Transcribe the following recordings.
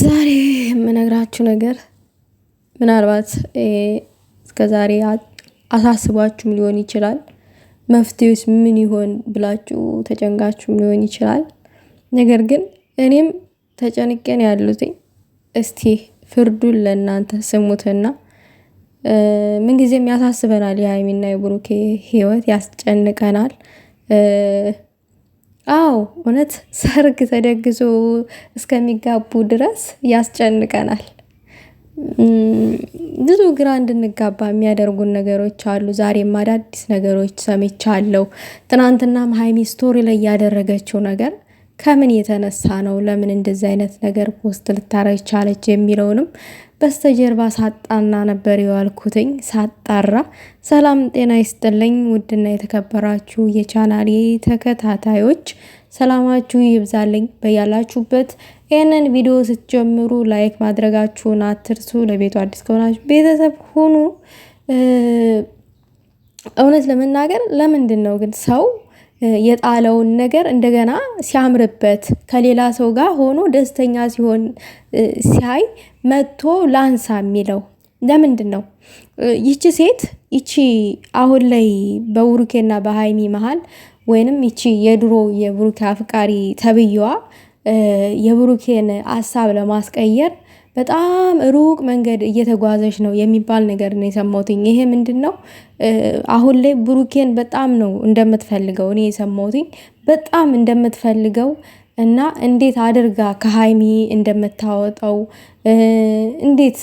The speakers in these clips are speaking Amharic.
ዛሬ የምነግራችሁ ነገር ምናልባት ዛሬ አሳስባችሁም ሊሆን ይችላል። መፍትሄውስ ምን ይሆን ብላችሁ ተጨንቃችሁም ሊሆን ይችላል። ነገር ግን እኔም ተጨንቄን ያሉትኝ እስቲ ፍርዱን ለእናንተ ስሙትና ምንጊዜም ያሳስበናል። የሀይሚና የብሩኬ ህይወት ያስጨንቀናል። አዎ እውነት ሰርግ ተደግሶ እስከሚጋቡ ድረስ ያስጨንቀናል። ብዙ ግራ እንድንጋባ የሚያደርጉን ነገሮች አሉ። ዛሬም አዳዲስ ነገሮች ሰምቻለሁ። ትናንትናም ሀይሚ ስቶሪ ላይ ያደረገችው ነገር ከምን የተነሳ ነው ለምን እንደዚህ አይነት ነገር ፖስት ልታረግ ቻለች የሚለውንም በስተጀርባ ሳጣና ነበር የዋልኩትኝ። ሳጣራ ሰላም ጤና ይስጥልኝ። ውድና የተከበራችሁ የቻናል ተከታታዮች ሰላማችሁ ይብዛልኝ በያላችሁበት። ይህንን ቪዲዮ ስትጀምሩ ላይክ ማድረጋችሁን አትርሱ። ለቤቱ አዲስ ከሆናችሁ ቤተሰብ ሁኑ። እውነት ለመናገር ለምንድን ነው ግን ሰው የጣለውን ነገር እንደገና ሲያምርበት ከሌላ ሰው ጋር ሆኖ ደስተኛ ሲሆን ሲያይ መጥቶ ላንሳ የሚለው ለምንድን ነው? ይቺ ሴት ይቺ አሁን ላይ በቡሩኬና በሀይሚ መሀል ወይንም ይቺ የድሮ የቡሩኬ አፍቃሪ ተብዬዋ የቡሩኬን ሀሳብ ለማስቀየር በጣም ሩቅ መንገድ እየተጓዘች ነው የሚባል ነገር ነው የሰማሁትኝ። ይሄ ምንድን ነው? አሁን ላይ ብሩኬን በጣም ነው እንደምትፈልገው እኔ የሰማሁትኝ በጣም እንደምትፈልገው እና እንዴት አድርጋ ከሀይሚ እንደምታወጣው እንዴት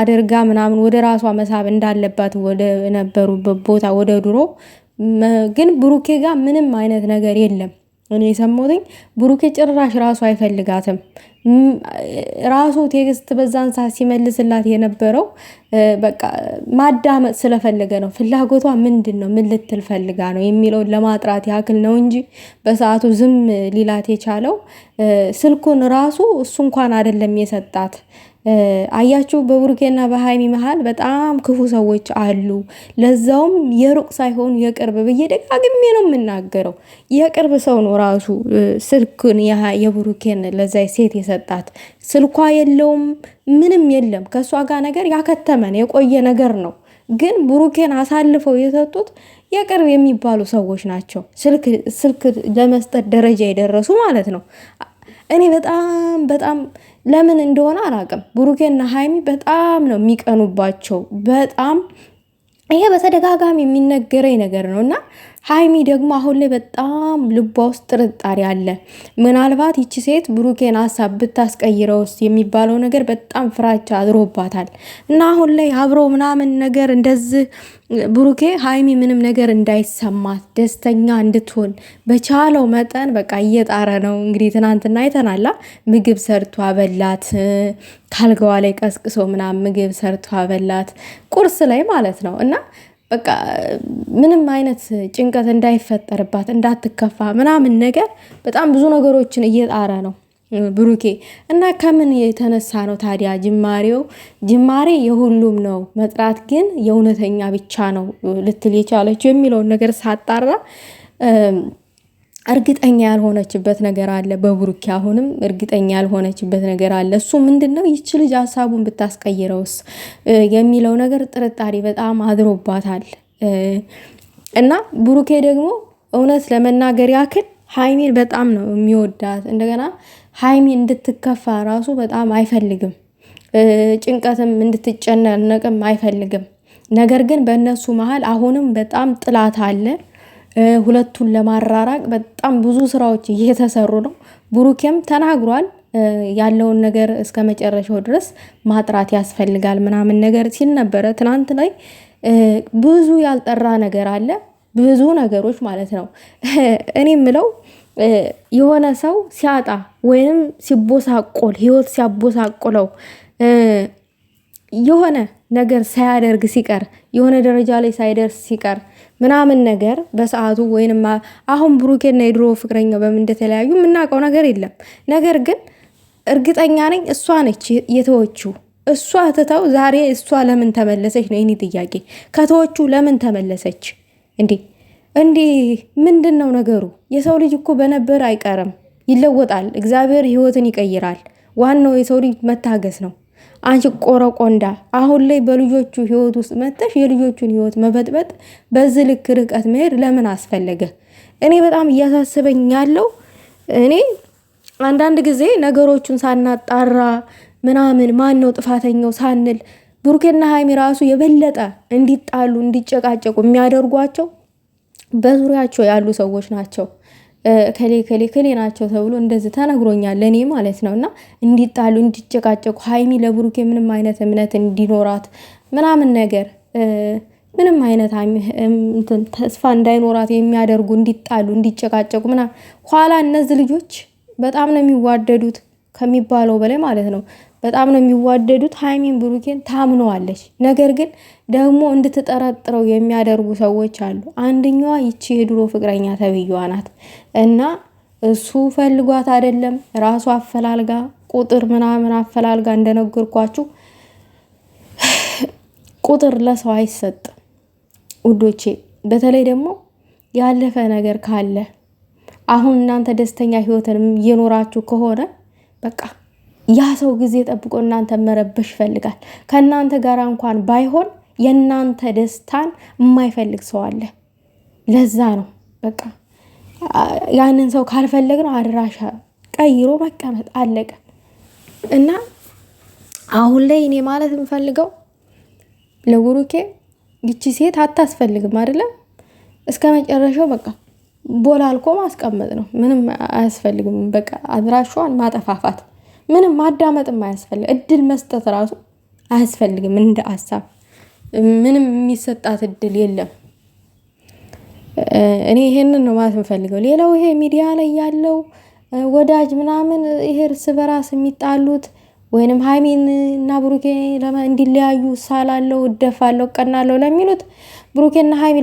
አድርጋ ምናምን ወደ ራሷ መሳብ እንዳለባት ወደ ነበሩበት ቦታ ወደ ድሮ ግን ብሩኬ ጋር ምንም አይነት ነገር የለም። እኔ የሰማሁትኝ ብሩኬ ጭራሽ ራሱ አይፈልጋትም። ራሱ ቴክስት በዛን ሰዓት ሲመልስላት የነበረው በቃ ማዳመጥ ስለፈለገ ነው። ፍላጎቷ ምንድን ነው፣ ምን ልትል ፈልጋ ነው የሚለውን ለማጥራት ያክል ነው እንጂ በሰዓቱ ዝም ሊላት የቻለው ስልኩን ራሱ እሱ እንኳን አይደለም የሰጣት አያችሁ በቡርኬና በሀይሚ መሀል በጣም ክፉ ሰዎች አሉ። ለዛውም የሩቅ ሳይሆኑ የቅርብ ብዬ ደጋግሜ ነው የምናገረው። የቅርብ ሰው ነው ራሱ ስልኩን የቡርኬን ለዛ ሴት የሰጣት። ስልኳ የለውም ምንም የለም። ከእሷ ጋር ነገር ያከተመን የቆየ ነገር ነው። ግን ብሩኬን አሳልፈው የሰጡት የቅርብ የሚባሉ ሰዎች ናቸው። ስልክ ለመስጠት ደረጃ የደረሱ ማለት ነው። እኔ በጣም በጣም ለምን እንደሆነ አላቅም። ብሩኬና ሀይሚ በጣም ነው የሚቀኑባቸው። በጣም ይሄ በተደጋጋሚ የሚነገረኝ ነገር ነው እና ሀይሚ ደግሞ አሁን ላይ በጣም ልቧ ውስጥ ጥርጣሬ አለ። ምናልባት ይቺ ሴት ብሩኬን ሀሳብ ብታስቀይረውስ የሚባለው ነገር በጣም ፍራቻ አድሮባታል እና አሁን ላይ አብሮ ምናምን ነገር እንደዚህ ብሩኬ ሀይሚ ምንም ነገር እንዳይሰማት ደስተኛ እንድትሆን በቻለው መጠን በቃ እየጣረ ነው። እንግዲህ ትናንትና አይተናላ ምግብ ሰርቶ አበላት፣ ካልጋዋ ላይ ቀስቅሶ ምናምን ምግብ ሰርቶ አበላት፣ ቁርስ ላይ ማለት ነው እና በቃ ምንም አይነት ጭንቀት እንዳይፈጠርባት እንዳትከፋ ምናምን ነገር በጣም ብዙ ነገሮችን እየጣረ ነው ብሩኬ። እና ከምን የተነሳ ነው ታዲያ ጅማሬው? ጅማሬ የሁሉም ነው፣ መጥራት ግን የእውነተኛ ብቻ ነው ልትል የቻለችው የሚለውን ነገር ሳጣራ እርግጠኛ ያልሆነችበት ነገር አለ። በብሩኬ አሁንም እርግጠኛ ያልሆነችበት ነገር አለ። እሱ ምንድን ነው ይቺ ልጅ ሀሳቡን ብታስቀይረውስ የሚለው ነገር ጥርጣሬ በጣም አድሮባታል። እና ብሩኬ ደግሞ እውነት ለመናገር ያክል ሀይሚን በጣም ነው የሚወዳት። እንደገና ሀይሚ እንድትከፋ ራሱ በጣም አይፈልግም። ጭንቀትም እንድትጨነነቅም አይፈልግም። ነገር ግን በእነሱ መሀል አሁንም በጣም ጥላት አለ። ሁለቱን ለማራራቅ በጣም ብዙ ስራዎች እየተሰሩ ነው። ብሩኬም ተናግሯል ያለውን ነገር እስከ መጨረሻው ድረስ ማጥራት ያስፈልጋል ምናምን ነገር ሲል ነበረ። ትናንት ላይ ብዙ ያልጠራ ነገር አለ፣ ብዙ ነገሮች ማለት ነው። እኔ ምለው የሆነ ሰው ሲያጣ ወይንም ሲቦሳቆል ህይወት ሲያቦሳቁለው የሆነ ነገር ሳያደርግ ሲቀር የሆነ ደረጃ ላይ ሳይደርስ ሲቀር ምናምን ነገር በሰዓቱ ወይንም አሁን ብሩኬና የድሮ ፍቅረኛው በምን እንደተለያዩ የምናውቀው ነገር የለም። ነገር ግን እርግጠኛ ነኝ እሷ ነች የተወችው። እሷ ትተው ዛሬ እሷ ለምን ተመለሰች ነው የኔ ጥያቄ። ከተወቹ ለምን ተመለሰች እንዴ? እንዴ ምንድን ነው ነገሩ? የሰው ልጅ እኮ በነበር አይቀርም፣ ይለወጣል። እግዚአብሔር ህይወትን ይቀይራል። ዋናው የሰው ልጅ መታገስ ነው። አንቺ ቆረቆንዳ አሁን ላይ በልጆቹ ህይወት ውስጥ መጥተሽ የልጆቹን ህይወት መበጥበጥ በዚህ ልክ ርቀት መሄድ ለምን አስፈለገ? እኔ በጣም እያሳስበኝ ያለው እኔ አንዳንድ ጊዜ ነገሮቹን ሳናጣራ ምናምን ማን ነው ጥፋተኛው ሳንል ብሩኬና ሀይሚ ራሱ የበለጠ እንዲጣሉ እንዲጨቃጨቁ የሚያደርጓቸው በዙሪያቸው ያሉ ሰዎች ናቸው። ከሌ ከሌ ከሌ ናቸው ተብሎ እንደዚህ ተነግሮኛል፣ ለእኔ ማለት ነው። እና እንዲጣሉ እንዲጨቃጨቁ ሀይሚ ለብሩኬ ምንም አይነት እምነት እንዲኖራት ምናምን ነገር ምንም አይነት ተስፋ እንዳይኖራት የሚያደርጉ እንዲጣሉ እንዲጨቃጨቁ ምናምን ኋላ እነዚህ ልጆች በጣም ነው የሚዋደዱት። ከሚባለው በላይ ማለት ነው። በጣም ነው የሚዋደዱት። ሀይሚን ብሩኬን ታምነዋለች። ነገር ግን ደግሞ እንድትጠረጥረው የሚያደርጉ ሰዎች አሉ። አንደኛዋ ይቺ የድሮ ፍቅረኛ ተብዬዋ ናት እና እሱ ፈልጓት አይደለም ራሱ አፈላልጋ ቁጥር ምናምን አፈላልጋ እንደነገርኳችሁ ቁጥር ለሰው አይሰጥ ውዶቼ። በተለይ ደግሞ ያለፈ ነገር ካለ አሁን እናንተ ደስተኛ ህይወትን እየኖራችሁ ከሆነ በቃ ያ ሰው ጊዜ ጠብቆ እናንተ መረበሽ ይፈልጋል። ከእናንተ ጋር እንኳን ባይሆን የእናንተ ደስታን የማይፈልግ ሰው አለ። ለዛ ነው በቃ ያንን ሰው ካልፈለግ ነው አድራሻ ቀይሮ መቀመጥ አለቀ። እና አሁን ላይ እኔ ማለት የምፈልገው ለቡሩኬ ይቺ ሴት አታስፈልግም አይደለም እስከ መጨረሻው በቃ ቦላልኮ ማስቀመጥ ነው። ምንም አያስፈልግም። በቃ አድራሿን ማጠፋፋት ምንም ማዳመጥም አያስፈልግ እድል መስጠት ራሱ አያስፈልግም። እንደ ሀሳብ ምንም የሚሰጣት እድል የለም። እኔ ይሄንን ነው ማለት የምፈልገው። ሌላው ይሄ ሚዲያ ላይ ያለው ወዳጅ ምናምን ይሄ እርስ በራስ የሚጣሉት ወይንም ሀይሜን እና ብሩኬ እንዲለያዩ ሳላለው እደፋለው፣ ቀናለው ለሚሉት ብሩኬና ሀይሜ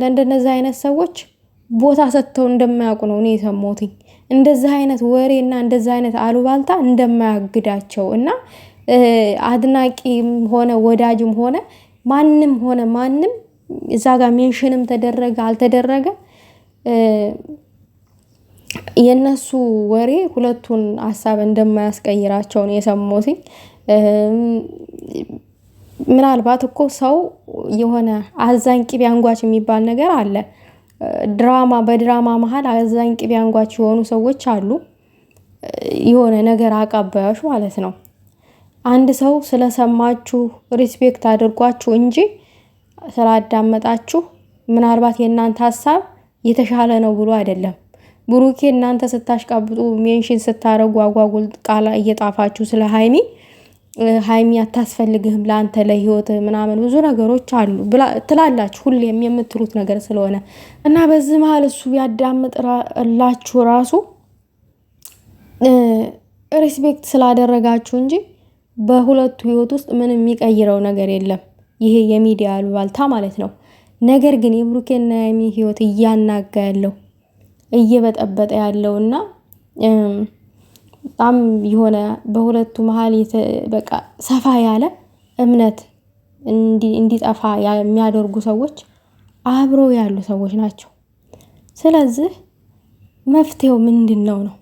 ለእንደነዛ አይነት ሰዎች ቦታ ሰጥተው እንደማያውቁ ነው እኔ የሰሞትኝ። እንደዚህ አይነት ወሬ እና እንደዚህ አይነት አሉባልታ እንደማያግዳቸው እና አድናቂም ሆነ ወዳጅም ሆነ ማንም ሆነ ማንም እዛ ጋር ሜንሽንም ተደረገ አልተደረገ የእነሱ ወሬ ሁለቱን ሀሳብ እንደማያስቀይራቸው ነው የሰማሁትኝ። ምናልባት እኮ ሰው የሆነ አዛኝ ቅቤ አንጓች የሚባል ነገር አለ። ድራማ በድራማ መሀል አዛኝ ቅቤ አንጓች የሆኑ ሰዎች አሉ። የሆነ ነገር አቀባዮች ማለት ነው። አንድ ሰው ስለሰማችሁ ሪስፔክት አድርጓችሁ እንጂ ስላዳመጣችሁ ምናልባት የእናንተ ሀሳብ የተሻለ ነው ብሎ አይደለም። ብሩኬ እናንተ ስታሽቃብጡ ሜንሽን ስታረጉ አጓጉል ቃላ እየጣፋችሁ ስለ ሀይሚ ሀይሚ አታስፈልግህም ለአንተ ለህይወት ምናምን ብዙ ነገሮች አሉ ትላላችሁ ሁሌም የምትሉት ነገር ስለሆነ እና በዚህ መሀል እሱ ያዳምጥላችሁ ራሱ ሪስፔክት ስላደረጋችሁ እንጂ በሁለቱ ህይወት ውስጥ ምንም የሚቀይረው ነገር የለም። ይሄ የሚዲያ አሉባልታ ማለት ነው። ነገር ግን የብሩኬና የሚ ህይወት እያናጋ ያለው እየበጠበጠ ያለውና በጣም የሆነ በሁለቱ መሀል በቃ ሰፋ ያለ እምነት እንዲጠፋ የሚያደርጉ ሰዎች አብረው ያሉ ሰዎች ናቸው። ስለዚህ መፍትሄው ምንድን ነው ነው?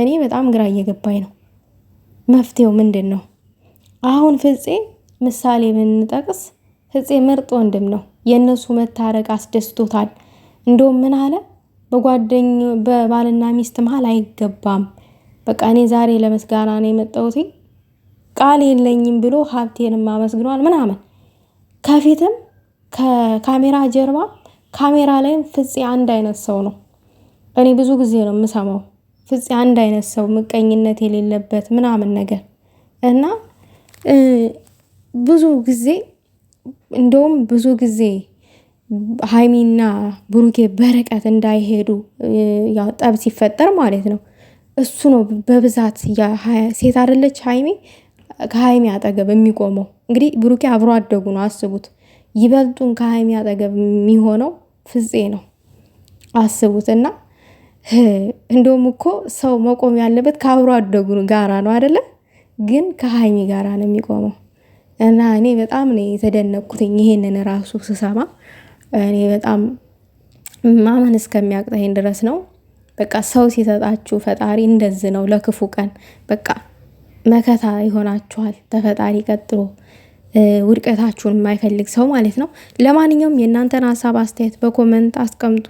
እኔ በጣም ግራ እየገባኝ ነው። መፍትሄው ምንድን ነው? አሁን ፍፄ ምሳሌ ብንጠቅስ ፍፄ ምርጥ ወንድም ነው። የእነሱ መታረቅ አስደስቶታል። እንደውም ምን አለ በጓደኛ በባልና ሚስት መሀል አይገባም በቃ እኔ ዛሬ ለምስጋና ነው የመጣሁት ቃል የለኝም ብሎ ሀብቴንም አመስግኗል ምናምን ከፊትም ከካሜራ ጀርባ ካሜራ ላይም ፍፄ አንድ አይነት ሰው ነው። እኔ ብዙ ጊዜ ነው የምሰማው ፍፄ አንድ አይነት ሰው ምቀኝነት የሌለበት ምናምን ነገር እና ብዙ ጊዜ እንደውም ብዙ ጊዜ ሀይሚና ብሩኬ በርቀት እንዳይሄዱ ያው ጠብ ሲፈጠር ማለት ነው እሱ ነው በብዛት ሴት አደለች ሀይሚ ከሀይሚ አጠገብ የሚቆመው እንግዲህ ብሩኬ አብሮ አደጉ ነው አስቡት። ይበልጡን ከሀይሚ አጠገብ የሚሆነው ፍፄ ነው አስቡት። እና እንደውም እኮ ሰው መቆም ያለበት ከአብሮ አደጉ ጋራ ነው አደለ? ግን ከሀይሚ ጋራ ነው የሚቆመው። እና እኔ በጣም ነው የተደነቅኩትኝ ይሄንን ራሱ ስሰማ እኔ በጣም ማመን እስከሚያቅጠኝ ድረስ ነው። በቃ ሰው ሲሰጣችሁ ፈጣሪ እንደዝ ነው። ለክፉ ቀን በቃ መከታ ይሆናችኋል። ተፈጣሪ ቀጥሎ ውድቀታችሁን የማይፈልግ ሰው ማለት ነው። ለማንኛውም የእናንተን ሀሳብ አስተያየት በኮመንት አስቀምጡ።